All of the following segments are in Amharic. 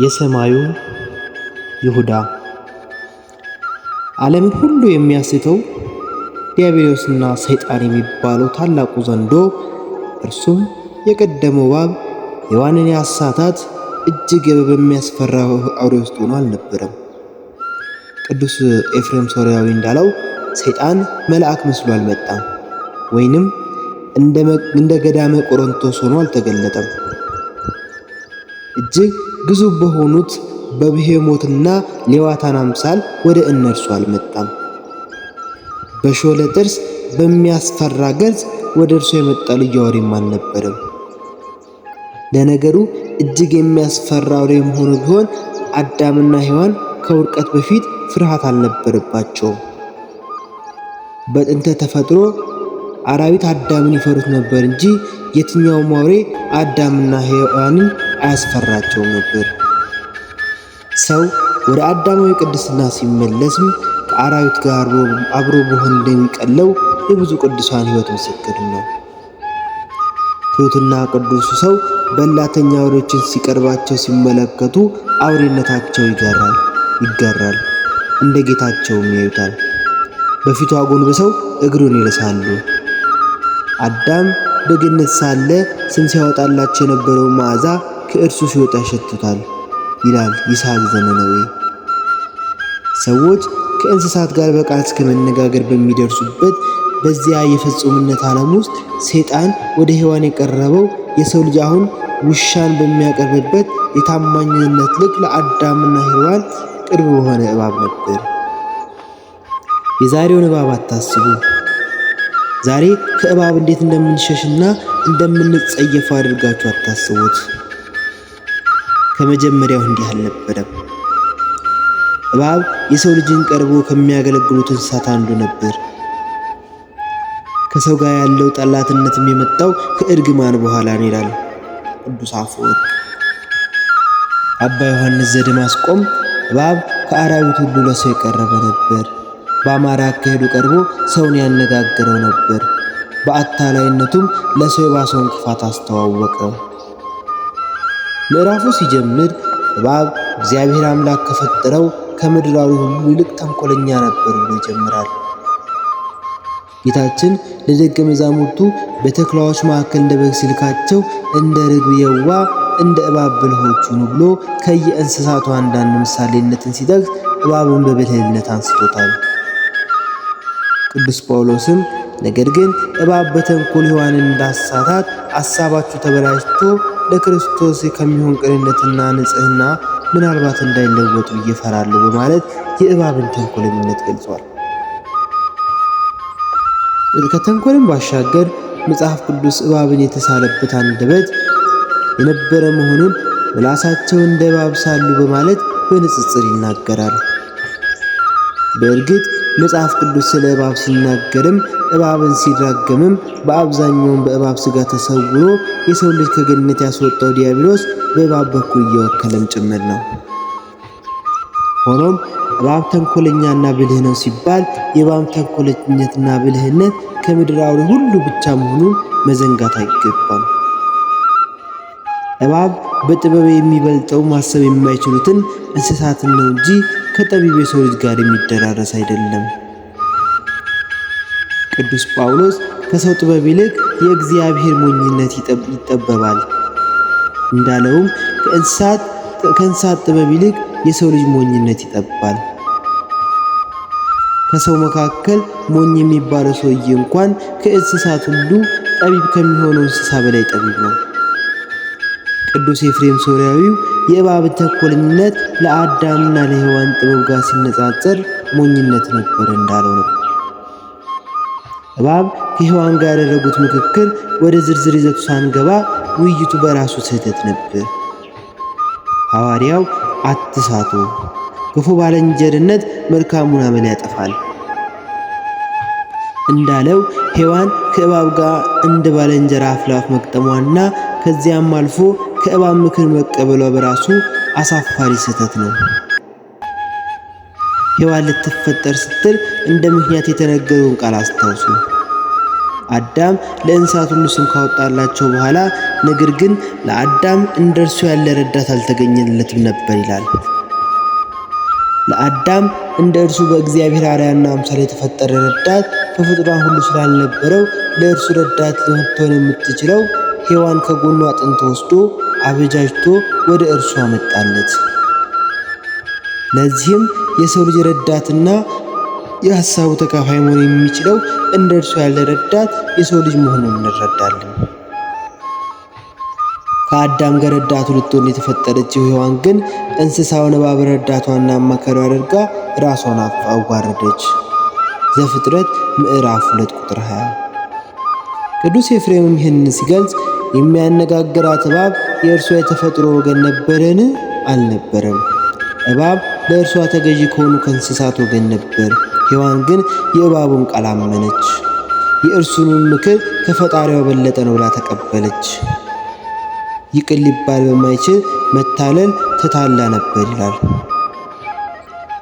የሰማዩ ይሁዳ ዓለምን ሁሉ የሚያስተው ዲያብሎስና ሰይጣን የሚባለው ታላቁ ዘንዶ እርሱም የቀደመው እባብ ሔዋንን ያሳታት እጅግ በሚያስፈራ አውሬ ውስጥ ሆኖ አልነበረም። ቅዱስ ኤፍሬም ሶሪያዊ እንዳለው ሰይጣን መልአክ መስሎ አልመጣም፣ ወይንም እንደ ገዳመ ቆሮንቶስ ሆኖ አልተገለጠም። እጅግ ግዙፍ በሆኑት በብሄሞትና ሌዋታን አምሳል ወደ እነርሱ አልመጣም። በሾለ ጥርስ በሚያስፈራ ገጽ ወደ እርሱ የመጣ ልዩ አውሬም አልነበረም። ለነገሩ እጅግ የሚያስፈራ አውሬ መሆኑ ቢሆን አዳምና ሔዋን ከውድቀት በፊት ፍርሃት አልነበረባቸውም። በጥንተ ተፈጥሮ አራዊት አዳምን ይፈሩት ነበር እንጂ የትኛውም አውሬ አዳምና ሔዋንን አያስፈራቸው ነበር። ሰው ወደ አዳማዊ ቅድስና ሲመለስም ከአራዊት ጋር አብሮ መሆን እንደሚቀለው የብዙ ቅዱሳን ሕይወት ምስክር ነው። ትሑትና ቅዱሱ ሰው በላተኛ አውሬዎችን ሲቀርባቸው ሲመለከቱ አውሬነታቸው ይጋራል ይገራል እንደ ጌታቸውም ያዩታል። በፊቱ አጎንብሰው እግሩን ይልሳሉ። አዳም በገነት ሳለ ስም ሲያወጣላቸው የነበረው መዓዛ ከእርሱ ሲወጣ ይሸቱታል ይላል ይስሐቅ ዘመናዊ። ሰዎች ከእንስሳት ጋር በቃል እስከ መነጋገር በሚደርሱበት በዚያ የፍጹምነት ዓለም ውስጥ ሰይጣን ወደ ሔዋን የቀረበው የሰው ልጅ አሁን ውሻን በሚያቀርብበት የታማኝነት ልክ ለአዳምና ሔዋን ቅርብ በሆነ እባብ ነበር። የዛሬውን እባብ አታስቡ። ዛሬ ከእባብ እንዴት እንደምንሸሽና እንደምንጸየፈው አድርጋችሁ አታስቡት። ከመጀመሪያው እንዲህ አልነበረም። እባብ የሰው ልጅን ቀርቦ ከሚያገለግሉት እንስሳት አንዱ ነበር። ከሰው ጋር ያለው ጠላትነትም የመጣው ከእርግማን በኋላ ነው ይላል ቅዱስ አፈወርቅ። አባ ዮሐንስ ዘደማስቆም እባብ ከአራዊት ሁሉ ለሰው የቀረበ ነበር። በአማራ አካሄዱ ቀርቦ ሰውን ያነጋግረው ነበር። በአታላይነቱም ለሰው የባሰውን ክፋት አስተዋወቀ። ምዕራፉ ሲጀምር እባብ እግዚአብሔር አምላክ ከፈጠረው ከምድራዊ ሁሉ ይልቅ ተንኮለኛ ነበር ብሎ ይጀምራል። ጌታችን ለደቀ መዛሙርቱ በተኩላዎች መካከል እንደ በግ ሲልካቸው እንደ ርግብ የዋ እንደ እባብ ብልሆች ሁኑ ብሎ ከየእንስሳቱ አንዳንድ ምሳሌነትን ሲጠቅስ እባብን በብልህነት አንስቶታል። ቅዱስ ጳውሎስም ነገር ግን እባብ በተንኮል ሔዋንን እንዳሳታት አሳባችሁ ተበላሽቶ ለክርስቶስ ከሚሆን ቅንነትና ንጽህና ምናልባት እንዳይለወጡ እየፈራሉ በማለት የእባብን ተንኮለኝነት ገልጿል። ከተንኮልም ባሻገር መጽሐፍ ቅዱስ እባብን የተሳለበት አንደበት የነበረ መሆኑን ምላሳቸው እንደ እባብ ሳሉ በማለት በንጽጽር ይናገራል። በእርግጥ መጽሐፍ ቅዱስ ስለ እባብ ሲናገርም እባብን ሲራገምም በአብዛኛውን በእባብ ስጋ ተሰውሮ የሰው ልጅ ከገነት ያስወጣው ዲያብሎስ በእባብ በኩል እየወከለም ጭምር ነው። ሆኖም እባብ ተንኮለኛና ብልህ ነው ሲባል የእባብ ተንኮለኝነትና ብልህነት ከምድራዊ ሁሉ ብቻ መሆኑን መዘንጋት አይገባም። እባብ በጥበብ የሚበልጠው ማሰብ የማይችሉትን እንስሳትን ነው እንጂ ከጠቢብ የሰው ልጅ ጋር የሚደራረስ አይደለም። ቅዱስ ጳውሎስ ከሰው ጥበብ ይልቅ የእግዚአብሔር ሞኝነት ይጠበባል እንዳለውም ከእንስሳት ጥበብ ይልቅ የሰው ልጅ ሞኝነት ይጠባል። ከሰው መካከል ሞኝ የሚባለው ሰውዬ እንኳን ከእንስሳት ሁሉ ጠቢብ ከሚሆነው እንስሳ በላይ ጠቢብ ነው። ቅዱስ ኤፍሬም ሶርያዊው የእባብ ተኮልነት ለአዳምና ለሔዋን ጥበብ ጋር ሲነጻጸር ሞኝነት ነበር እንዳለው ነው። እባብ ከሔዋን ጋር ያደረጉት ምክክር ወደ ዝርዝር ይዘቱ ሳንገባ ውይይቱ በራሱ ስህተት ነበር። ሐዋርያው አትሳቱ፣ ክፉ ባልንጀርነት መልካሙን አመል ያጠፋል እንዳለው ሔዋን ከእባብ ጋር እንደ ባልንጀራ አፍ መቅጠሟና ከዚያም አልፎ ከእባብ ምክር መቀበሏ በራሱ አሳፋሪ ስህተት ነው። ሔዋን ልትፈጠር ስትል እንደ ምክንያት የተነገረውን ቃል አስታውሱ። አዳም ለእንስሳት ሁሉ ስም ካወጣላቸው በኋላ ነገር ግን ለአዳም እንደ እርሱ ያለ ረዳት አልተገኘለትም ነበር ይላል። ለአዳም እንደ እርሱ በእግዚአብሔር አርያና አምሳል የተፈጠረ ረዳት በፍጡራን ሁሉ ስላልነበረው ለእርሱ ረዳት ልትሆን የምትችለው ሔዋን ከጎኑ አጥንት ወስዶ አበጃጅቶ ወደ እርሱ አመጣለት። ለዚህም የሰው ልጅ ረዳትና የሐሳቡ ተካፋይ መሆን የሚችለው እንደ እርሱ ያለ ረዳት የሰው ልጅ መሆኑን እንረዳለን። ከአዳም ጋር ረዳቱ ልትሆን የተፈጠረችው ሔዋን ግን እንስሳውን እባብ ረዳቷና አማካሪው አድርጋ ራሷን አዋረደች። ዘፍጥረት ምዕራፍ 2 ቁጥር 20። ቅዱስ ኤፍሬምም ይህንን ሲገልጽ የሚያነጋግራት እባብ የእርሷ የተፈጥሮ ወገን ነበረን? አልነበረም። እባብ ለእርሷ ተገዢ ከሆኑ ከእንስሳት ወገን ነበር። ሔዋን ግን የእባቡን ቃል አመነች፣ የእርሱንም ምክር ከፈጣሪዋ በለጠ ነው ብላ ተቀበለች። ይቅር ሊባል በማይችል መታለል ተታላ ነበር ይላል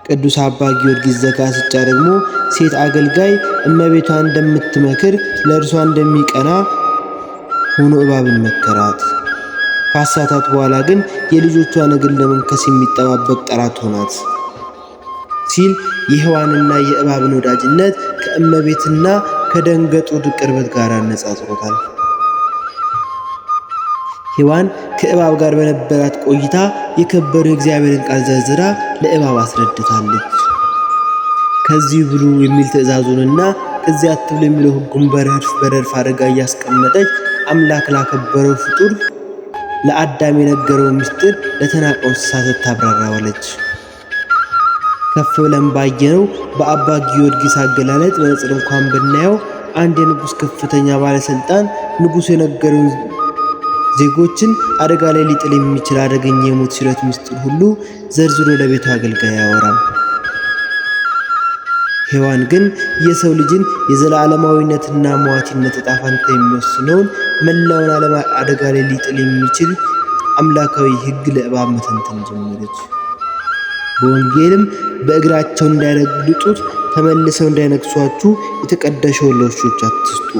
ቅዱስ አባ ጊዮርጊስ ዘጋስጫ። ደግሞ ሴት አገልጋይ እመቤቷ እንደምትመክር ለእርሷ እንደሚቀና ሆኖ እባብን መከራት። ከአሳታት በኋላ ግን የልጆቿን እግር ለመንከስ የሚጠባበቅ ጠላት ሆናት ሲል የሔዋንና የእባብን ወዳጅነት ከእመቤትና ከደንገጡድ ቅርበት ጋር አነጻጽሮታል። ሔዋን ከእባብ ጋር በነበራት ቆይታ የከበረ የእግዚአብሔርን ቃል ዘርዝራ ለእባብ አስረድታለች። ከዚህ ብሉ የሚል ትእዛዙንና ከዚያ አትብሉ የሚለው ሕጉን በረድፍ በረድፍ አድርጋ እያስቀመጠች አምላክ ላከበረው ፍጡር ለአዳም የነገረውን ምስጢር ለተናቀው እንስሳ ታብራራዋለች። ከፍ ብለን ባየነው በአባ ጊዮርጊስ አገላለጥ መነጽር እንኳን ብናየው አንድ የንጉሥ ከፍተኛ ባለሥልጣን ንጉሡ የነገረውን ዜጎችን አደጋ ላይ ሊጥል የሚችል አደገኛ የሞት ሲረት ምስጢር ሁሉ ዘርዝሮ ለቤቱ አገልጋይ ያወራል። ሔዋን ግን የሰው ልጅን የዘላለማዊነትና ሟችነት ዕጣ ፈንታ የሚወስነውን መላውን ዓለም አደጋ ላይ ሊጥል የሚችል አምላካዊ ሕግ ለእባብ መተንተን ጀመረች። በወንጌልም በእግራቸው እንዳይረግጡት ተመልሰው እንዳይነግሷችሁ የተቀደሰውን ለውሾች አትስጡ፣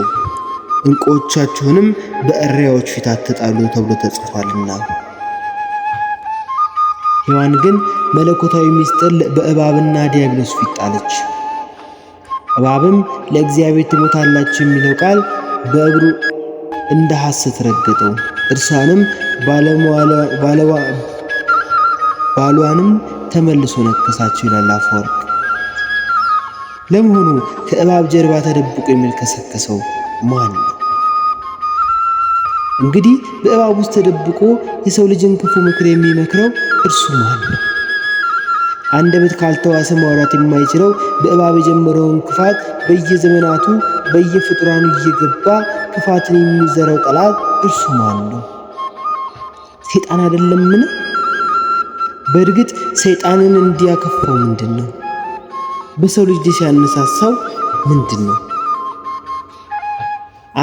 ዕንቁዎቻችሁንም በእሪያዎች ፊት አትጣሉ ተብሎ ተጽፏልና። ሔዋን ግን መለኮታዊ ምስጢር በእባብና ዲያብሎስ ፊት ጣለች። እባብም ለእግዚአብሔር ትሞታላችሁ የሚለው ቃል በእግሩ እንደ ሐሰት ረገጠው። እርሷንም ባሏንም ተመልሶ ነከሳቸው ይላል አፈወርቅ። ለመሆኑ ከእባብ ጀርባ ተደብቆ የሚልከሰከሰው ማን ነው? እንግዲህ በእባብ ውስጥ ተደብቆ የሰው ልጅን ክፉ ምክር የሚመክረው እርሱ ማን ነው? አንደበት ካልተዋሰ ማውራት የማይችለው በእባብ የጀመረውን ክፋት በየዘመናቱ በየፍጡራኑ እየገባ ክፋትን የሚዘራው ጠላት እርሱ ማን ነው? ሰይጣን አይደለምን? በእርግጥ ሰይጣንን እንዲያከፋው ምንድን ነው? በሰው ልጅ ሲያነሳሳው ምንድን ነው?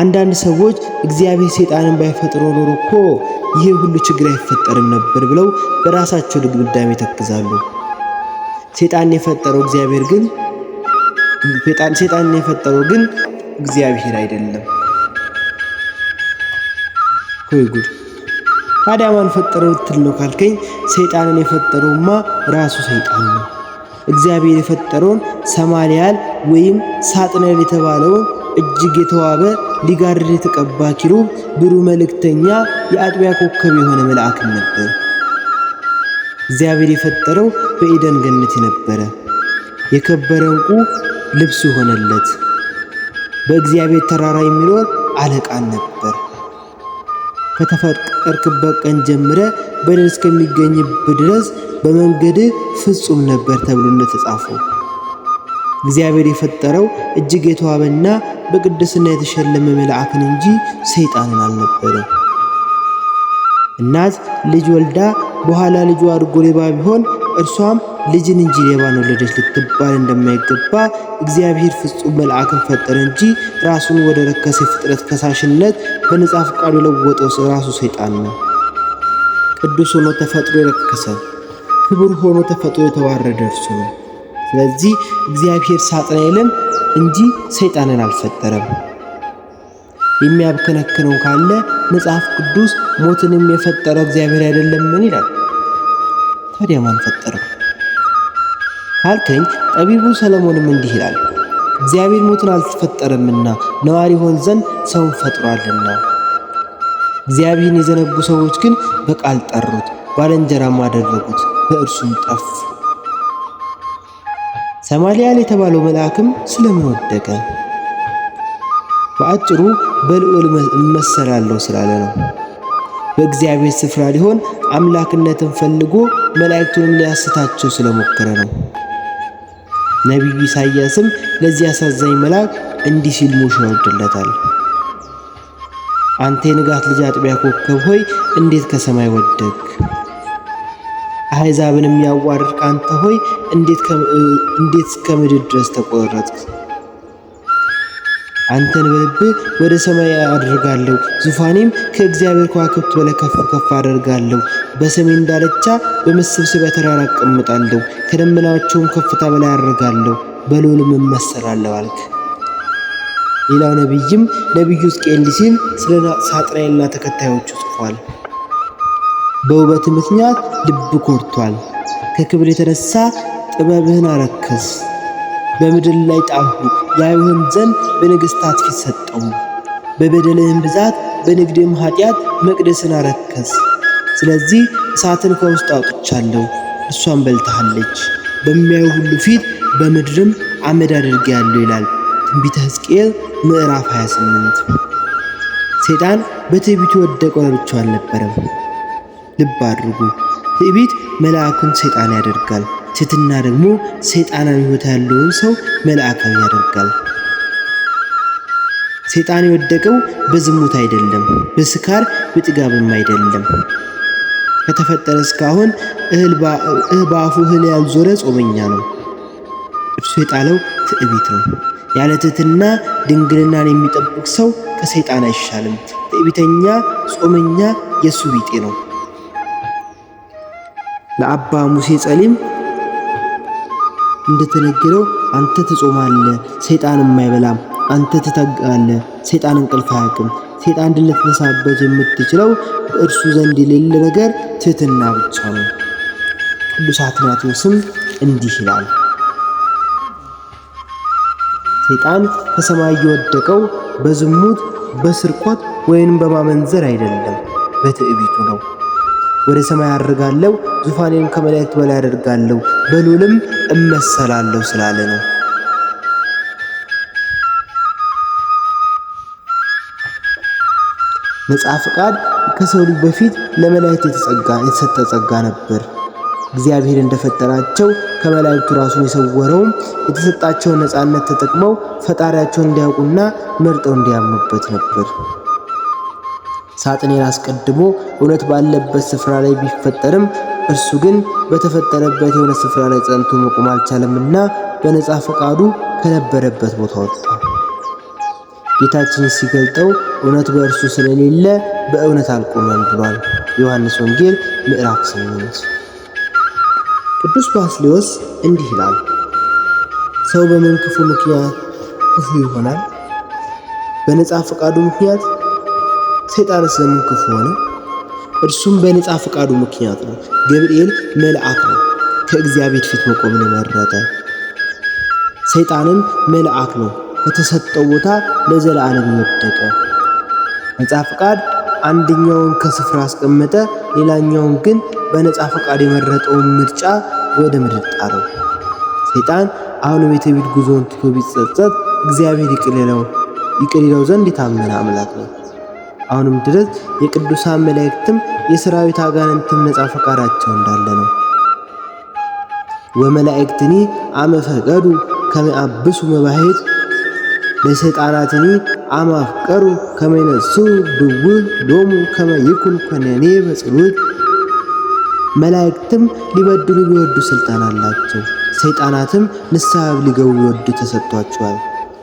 አንዳንድ ሰዎች እግዚአብሔር ሰይጣንን ባይፈጥሮ ኖሮ እኮ ይህ ሁሉ ችግር አይፈጠርም ነበር ብለው በራሳቸው ድምዳሜ ተክዛሉ። ሴጣን የፈጠረው እግዚአብሔር ግን ሴጣን ሴጣን የፈጠረው ግን እግዚአብሔር አይደለም። ወይ ጉድ! ታዲያ ማን ፈጠረው ልትል ነው ካልከኝ፣ ሰይጣንን የፈጠረውማ ራሱ ሰይጣን ነው። እግዚአብሔር የፈጠረውን ሰማሊያል ወይም ሳጥናኤል የተባለውን እጅግ የተዋበ ሊጋርድ የተቀባ ኪሩብ፣ ብሩ መልእክተኛ፣ የአጥቢያ ኮከብ የሆነ መልአክ ነበር እግዚአብሔር የፈጠረው በኢደን ገነት የነበረ የከበረ እንቁ ልብስ የሆነለት በእግዚአብሔር ተራራ የሚኖር አለቃን ነበር። ከተፈጠርክበት ቀን ጀምረ በደል እስከሚገኝብህ ድረስ በመንገድ ፍጹም ነበር ተብሎ እንደተጻፈው እግዚአብሔር የፈጠረው እጅግ የተዋበና በቅድስና የተሸለመ መልአክን እንጂ ሰይጣንን አልነበረም። እናት ልጅ ወልዳ በኋላ ልጁ አድጎ ሌባ ቢሆን እርሷም ልጅን እንጂ ሌባን ወለደች ልትባል እንደማይገባ እግዚአብሔር ፍጹም መልአክን ፈጠረ እንጂ ራሱን ወደ ረከሰ ፍጥረት ከሳሽነት በነጻ ፈቃዱ የለወጠው ራሱ ሰይጣን ነው። ቅዱስ ሆኖ ተፈጥሮ የረከሰ ክቡር ሆኖ ተፈጥሮ የተዋረደ እርሱ ነው። ስለዚህ እግዚአብሔር ሳጥናኤልን እንጂ ሰይጣንን አልፈጠረም። የሚያብከነክነው ካለ መጽሐፍ ቅዱስ ሞትንም የፈጠረ እግዚአብሔር ምን ይላል። ታዲያ ማን ፈጠረው ካልከኝ ጠቢቡ ሰለሞንም እንዲህ ይላል፣ እግዚአብሔር ሞትን አልተፈጠረምና ነዋሪ ሆን ዘንድ ሰውን ፈጥሯልና። እግዚአብሔርን የዘነጉ ሰዎች ግን በቃል ጠሩት፣ ባልንጀራም አደረጉት፣ በእርሱም ጠፉ። ሰማልያል የተባለው መልአክም ስለምን ወደቀ? በአጭሩ በልዑል እመሰላለሁ ስላለ ነው። በእግዚአብሔር ስፍራ ሊሆን አምላክነትን ፈልጎ መላእክቱንም ሊያስታቸው ስለሞከረ ነው። ነቢዩ ኢሳይያስም ለዚህ አሳዛኝ መልአክ እንዲህ ሲል ሙሽ ያወድለታል። አንተ የንጋት ልጅ አጥቢያ ኮከብ ሆይ እንዴት ከሰማይ ወደግ? አሕዛብን የሚያዋርድ አንተ ሆይ እንዴት ከምድር ድረስ ተቆረጥክ? አንተን በልብ ወደ ሰማይ አድርጋለሁ፣ ዙፋኔም ከእግዚአብሔር ከዋክብት በላይ ከፍ ከፍ አደርጋለሁ። በሰሜን ዳርቻ በመሰብሰቢያ ተራራ አቀምጣለሁ፣ ከደመናዎቹም ከፍታ በላይ አደርጋለሁ፣ በልዑልም እመሰላለሁ አልክ። ሌላው ነቢይም ነቢዩ ሕዝቅኤል ሲል ስለ ሳጥናኤልና ተከታዮቹ ጽፏል። በውበት ምክንያት ልብ ኮርቷል፣ ከክብር የተነሳ ጥበብህን አረከስ በምድር ላይ ጣሉ፣ ያዩህም ዘንድ በነገሥታት ፊት ሰጠው። በበደልህም ብዛት በንግድም ኃጢአት መቅደስን አረከስ። ስለዚህ እሳትን ከውስጥ አውጥቻለሁ፣ እሷን በልታሃለች። በሚያዩ ሁሉ ፊት በምድርም አመድ አድርጌያለሁ ይላል ትንቢተ ሕዝቅኤል ምዕራፍ 28። ሴጣን በትዕቢቱ የወደቀው ለብቻው አልነበረም። ልብ አድርጉ፣ ትዕቢት መልአኩን ሴጣን ያደርጋል። ትህትና ደግሞ ሰይጣናዊ ህይወት ያለውን ሰው መልአካዊ ያደርጋል። ሰይጣን የወደቀው በዝሙት አይደለም፣ በስካር በጥጋብም አይደለም። ከተፈጠረ እስካሁን እህል በአፉ እህል ያልዞረ ጾመኛ ነው። እርሱ የጣለው ትዕቢት ነው። ያለ ትህትና ድንግልናን የሚጠብቅ ሰው ከሰይጣን አይሻልም። ትዕቢተኛ ጾመኛ የሱ ቢጤ ነው። ለአባ ሙሴ ጸሊም እንደተነገረው አንተ ትጾማለህ፣ ሰይጣንም አይበላም። አንተ ትተጋለህ፣ ሰይጣን እንቅልፍ አያውቅም። ሰይጣን ድል የምትችለው እርሱ ዘንድ የሌለ ነገር ትህትና ብቻ ነው። ቅዱስ አትናቴዎስም እንዲህ ይላል። ሰይጣን ከሰማይ የወደቀው በዝሙት በስርቆት ወይንም በማመንዘር አይደለም፣ በትዕቢቱ ነው። ወደ ሰማይ አድርጋለሁ፣ ዙፋኔን ከመላእክት በላይ አደርጋለሁ፣ በልዑልም እመሰላለሁ ስላለ ነው። ነፃ ፈቃድ ከሰው ልጅ በፊት ለመላእክት የተጸጋ የተሰጠ ጸጋ ነበር። እግዚአብሔር እንደፈጠራቸው ከመላእክቱ ራሱን የሰወረውም የተሰጣቸውን ነፃነት ተጠቅመው ፈጣሪያቸውን እንዲያውቁና መርጠው እንዲያምኑበት ነበር። ሳጥኔን አስቀድሞ እውነት ባለበት ስፍራ ላይ ቢፈጠርም እርሱ ግን በተፈጠረበት የሆነ ስፍራ ላይ ጸንቶ መቆም አልቻለምና በነፃ ፈቃዱ ከነበረበት ቦታ ወጣ። ጌታችን ሲገልጠው እውነት በእርሱ ስለሌለ በእውነት አልቆመም ብሏል። ዮሐንስ ወንጌል ምዕራፍ 8 ቅዱስ ባስሌዎስ እንዲህ ይላል፣ ሰው በምን ክፉ ምክንያት ክፉ ይሆናል? በነፃ ፈቃዱ ምክንያት ሰይጣንስ ለምን ክፉ ሆነ? እርሱም በነፃ ፈቃዱ ምክንያት ነው። ገብርኤል መልአክ ነው፣ ከእግዚአብሔር ፊት መቆምን የመረጠ። ሰይጣንም መልአክ ነው፣ ከተሰጠው ቦታ ለዘላለም ወደቀ። ነፃ ፈቃድ አንደኛውን ከስፍራ አስቀመጠ፣ ሌላኛውን ግን በነፃ ፈቃድ የመረጠውን ምርጫ ወደ ምድር ጣለው። ሰይጣን አሁንም የትዕቢት ጉዞውን ትቶ ቢጸጸት እግዚአብሔር ይቅር ይለው ዘንድ የታመነ አምላክ ነው። አሁንም ድረስ የቅዱሳን መላእክትም የሰራዊት አጋንንትም ነጻ ፈቃዳቸው እንዳለ ነው። ወመላእክትኒ አመፈቀዱ ከመአብሱ መባሄት ለሰይጣናትኒ አማፍቀሩ ከመይነሱ ድው ሎሙ ከመይኩን ኮነኔ በጽሉት መላእክትም ሊበድሉ ቢወዱ ስልጣን አላቸው። ሰይጣናትም ንስሐ ሊገቡ ወዱ ተሰጥቷቸዋል።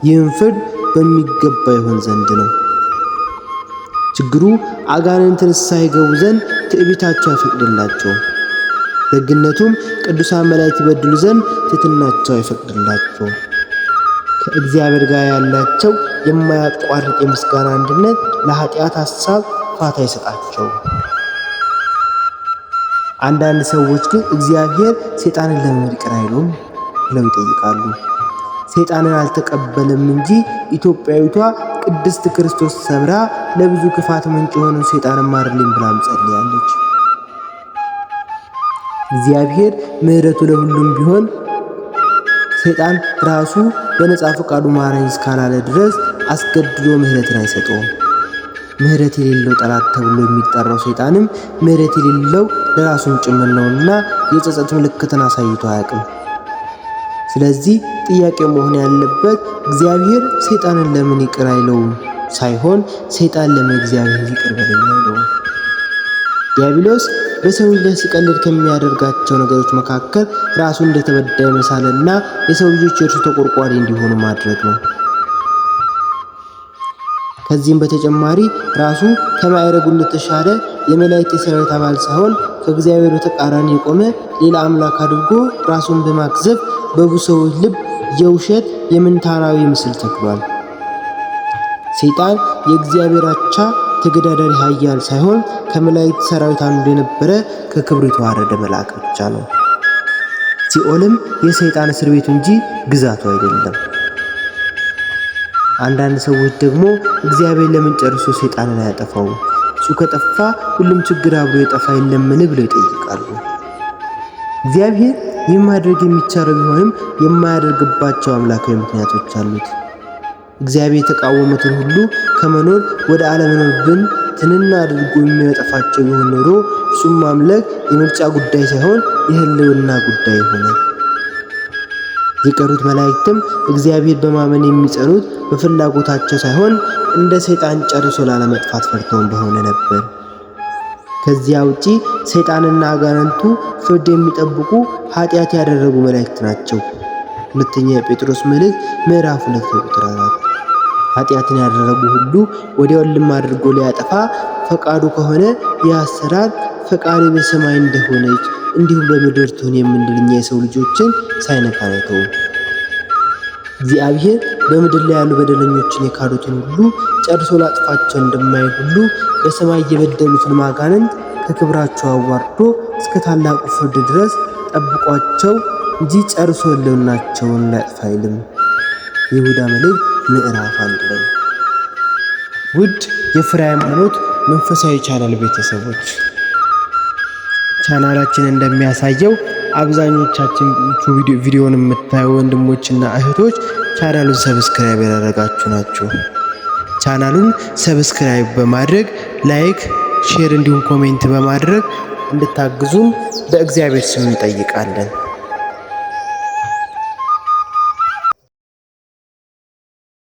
ይህም ፍርድ በሚገባ ይሆን ዘንድ ነው። ችግሩ አጋንንትን ሳይገቡ ዘንድ ትዕቢታቸው አይፈቅድላቸው፣ ደግነቱም ቅዱሳን መላእክት ይበድሉ ዘንድ ትትናቸው አይፈቅድላቸው። ከእግዚአብሔር ጋር ያላቸው የማያቋርጥ የምስጋና አንድነት ለኃጢአት ሐሳብ ፋታ ይሰጣቸው። አንዳንድ ሰዎች ግን እግዚአብሔር ሰይጣንን ለምን ይቅር አይለውም ብለው ይጠይቃሉ። ሰይጣንን አልተቀበለም እንጂ ኢትዮጵያዊቷ ቅድስት ክርስቶስ ሰብራ ለብዙ ክፋት ምንጭ የሆነው ሰይጣን ማርልኝ ብላም ጸልያለች። እግዚአብሔር ምሕረቱ ለሁሉም ቢሆን ሰይጣን ራሱ በነፃ ፈቃዱ ማረኝ እስካላለ ድረስ አስገድዶ ምሕረትን አይሰጠውም። ምሕረት የሌለው ጠላት ተብሎ የሚጠራው ሰይጣንም ምሕረት የሌለው ለራሱም ጭምር ነውና የጸጸት ምልክትን አሳይቶ አያውቅም። ስለዚህ ጥያቄ መሆን ያለበት እግዚአብሔር ሰይጣንን ለምን ይቅር አይለውም ሳይሆን ሰይጣን ለምን እግዚአብሔር ይቅር በለኝ አይለውም። ዲያብሎስ በሰው ላይ ሲቀልድ ከሚያደርጋቸው ነገሮች መካከል ራሱን እንደተበዳይ መሳልና የሰው ልጆች እርሱ ተቆርቋሪ እንዲሆኑ ማድረግ ነው። ከዚህም በተጨማሪ ራሱ ከማዕረጉ እንደተሻለ የመላእክት የሰራዊት አባል ሳይሆን ከእግዚአብሔር በተቃራኒ የቆመ ሌላ አምላክ አድርጎ ራሱን በማክዘብ በብዙ ሰዎች ልብ የውሸት የምንታራዊ ምስል ተክሏል። ሰይጣን የእግዚአብሔር አቻ ተገዳዳሪ ኃያል ሳይሆን ከመላእክት ሰራዊት አንዱ የነበረ ከክብር የተዋረደ መልአክ ብቻ ነው። ሲኦልም የሰይጣን እስር ቤቱ እንጂ ግዛቱ አይደለም። አንዳንድ ሰዎች ደግሞ እግዚአብሔር ለምን ጨርሶ ሰይጣንን አያጠፋው እሱ ከጠፋ ሁሉም ችግር አብሮ የጠፋ የለምን? ብለው ይጠይቃሉ። እግዚአብሔር ይህ ማድረግ የሚቻለው ቢሆንም የማያደርግባቸው አምላካዊ ምክንያቶች አሉት። እግዚአብሔር የተቃወሙትን ሁሉ ከመኖር ወደ አለመኖር ብን ትንና አድርጎ የሚያጠፋቸው ቢሆን ኖሮ እሱም ማምለክ የምርጫ ጉዳይ ሳይሆን የህልውና ጉዳይ ይሆናል። የቀሩት መላእክትም እግዚአብሔር በማመን የሚጸኑት በፍላጎታቸው ሳይሆን እንደ ሰይጣን ጨርሶ ላለመጥፋት ፈርተውን በሆነ ነበር። ከዚያ ውጪ ሰይጣንና አጋንንቱ ፍርድ የሚጠብቁ ኃጢአት ያደረጉ መላእክት ናቸው። ሁለተኛ የጴጥሮስ መልእክት ምዕራፍ ሁለት ቁጥር አራት ኃጢአትን ያደረጉ ሁሉ ወደ ወልም አድርጎ ሊያጠፋ ፈቃዱ ከሆነ የአሰራር ፈቃድ በሰማይ እንደሆነች እንዲሁም በምድር ትሆን የምንል የሰው ልጆችን ሳይነካ አይተውም እግዚአብሔር በምድር ላይ ያሉ በደለኞችን የካዱትን ሁሉ ጨርሶ ላጥፋቸው እንደማይል ሁሉ በሰማይ የበደሉትን ማጋነንት ከክብራቸው አዋርዶ እስከ ታላቁ ፍርድ ድረስ ጠብቋቸው እንጂ ጨርሶ ልናቸውን ላጥፋ አይልም። ይሁዳ መልእክት ምዕራፍ አንድ ላይ ውድ የፍሬ ሃይማኖት መንፈሳዊ ቻናል ቤተሰቦች ቻናላችን እንደሚያሳየው አብዛኞቻችን ቪዲዮን የምታዩ ወንድሞችና እህቶች ቻናሉን ሰብስክራይብ ያደረጋችሁ ናችሁ። ቻናሉን ሰብስክራይብ በማድረግ ላይክ፣ ሼር እንዲሁም ኮሜንት በማድረግ እንድታግዙን በእግዚአብሔር ስም እንጠይቃለን።